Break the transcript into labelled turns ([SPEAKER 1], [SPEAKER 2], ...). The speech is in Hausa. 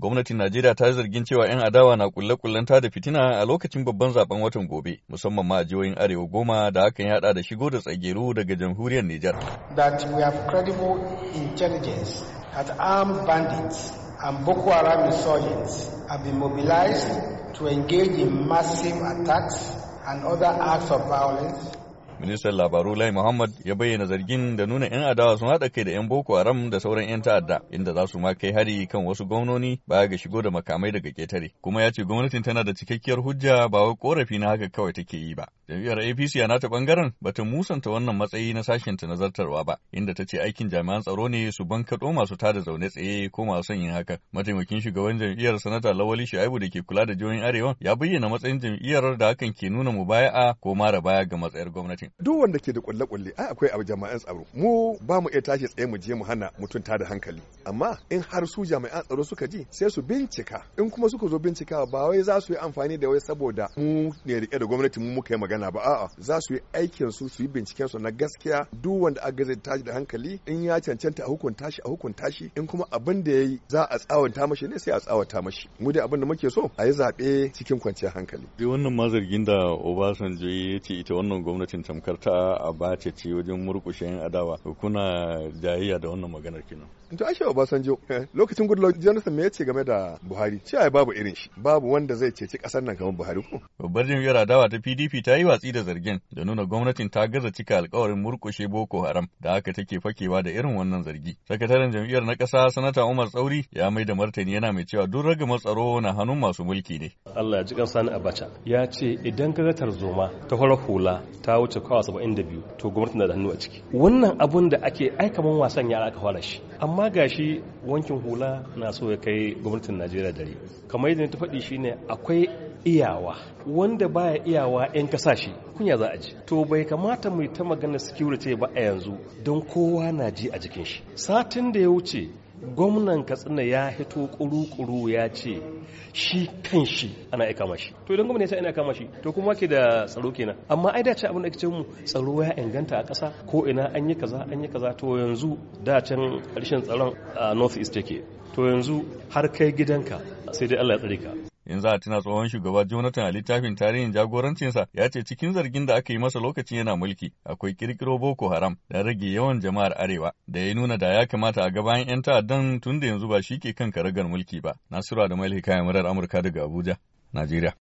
[SPEAKER 1] Gwamnatin Najeriya ta zargin cewa 'yan adawa na kulle-kullen da fitina a lokacin babban zaben watan gobe, musamman ma a jihohin Arewa goma da hakan yada da shigo da tsageru daga jamhuriyar Nijar.
[SPEAKER 2] That we have credible intelligence that armed bandits and Boko Haram insurgents have been mobilized to engage in massive attacks and other acts of violence
[SPEAKER 1] Ministan labaru Lai Muhammad ya bayyana zargin da nuna 'yan adawa sun haɗa kai da 'yan Boko Haram da sauran 'yan ta'adda inda za su ma kai hari kan wasu gwamnoni baya ga shigo da makamai daga ketare. Kuma ya ce gwamnatin tana da cikakkiyar hujja ba wai korafi na haka kawai take yi ba. Jam'iyyar APC a nata bangaren ta musanta wannan matsayi na sashen ta nazartarwa ba inda ta ce aikin jami'an tsaro ne su bankaɗo masu tada zaune tsaye ko masu son yin haka. Mataimakin shugaban jam'iyyar sanata Lawali Shu'aibu da ke kula da jihohin Arewa ya bayyana matsayin jam'iyyar da hakan ke nuna mubaya'a ko mara baya ga matsayar gwamnatin.
[SPEAKER 2] duk wanda ke da kulle kulle ai akwai abu jama'an tsaro mu ba mu iya tashi tsaye mu je mu hana mutum da hankali amma in har su jami'an tsaro suka ji sai su bincika in kuma suka zo bincika ba wai za su yi amfani da wai saboda mu ne rike da gwamnati mu muka yi magana ba a'a za su yi aikin su su yi binciken su na gaskiya duk wanda aka zai tashi da hankali in ya cancanta a hukunta shi a hukunta shi in kuma abin da yayi za a tsawanta mashi ne sai a tsawata mashi mu dai abin da muke so a yi zaɓe cikin kwanciyar hankali.
[SPEAKER 1] Dai wannan mazargin da Obasanjo ya ce ita wannan gwamnatin ta tamkar ta bace ce wajen murkushe yan adawa kuna jayayya da wannan maganar kenan
[SPEAKER 2] to ashe Obasanjo eh, lokacin Goodluck Jonathan me yace game da Buhari ce ai babu irin shi babu wanda zai ceci kasar nan kamar Buhari ko
[SPEAKER 1] babbar jam'iyyar adawa ta PDP ta yi watsi da zargin da nuna gwamnatin ta gaza cika alƙawarin murkushe Boko Haram da aka take fakewa da irin wannan zargi sakataren jam'iyyar na ƙasa sanata Umar Tsauri ya mai da martani yana mai
[SPEAKER 3] cewa duk raga matsaro na hannun masu mulki ne Allah ya ji kan Sani Abacha ya ce idan ka zoma tarzoma ta hula ta wuce kawa saba'in da biyu to gwamnati na da hannu a ciki wannan abun da ake aikaman wasan yara aka fara shi amma gashi wankin hula na so ya kai gwamnatin najeriya dare kamar yadda ta faɗi shine akwai iyawa wanda baya iyawa 'yan kasa shi kunya za a ji to bai kamata mu ta magana security ba a yanzu don kowa na ji a jikin shi satin da ya wuce gwamnan katsina ya hito kuru-kuru ya ce shi kan shi ana aika mashi to idan gwamnati ana aika mashi to kuma ke da tsaro kenan amma ai da ce abin da ake mu tsaro ya inganta a ƙasa ko ina an yi kaza an yi kaza to yanzu da can ƙarshen tsaron a north east yake to yanzu har kai gidanka
[SPEAKER 1] sai dai Allah ya tsare ka in za a tuna tsohon shugaba Jonathan a littafin tarihin jagorancinsa ya ce cikin zargin da aka yi masa lokacin yana mulki akwai kirkiro Boko Haram da rage yawan jama'ar Arewa da ya nuna da ya kamata a gabayan 'yan ta'addan tun da yanzu ba shi ke kan karagar mulki ba. Nasiru da Maili kayan murar Amurka daga Abuja, Najeriya.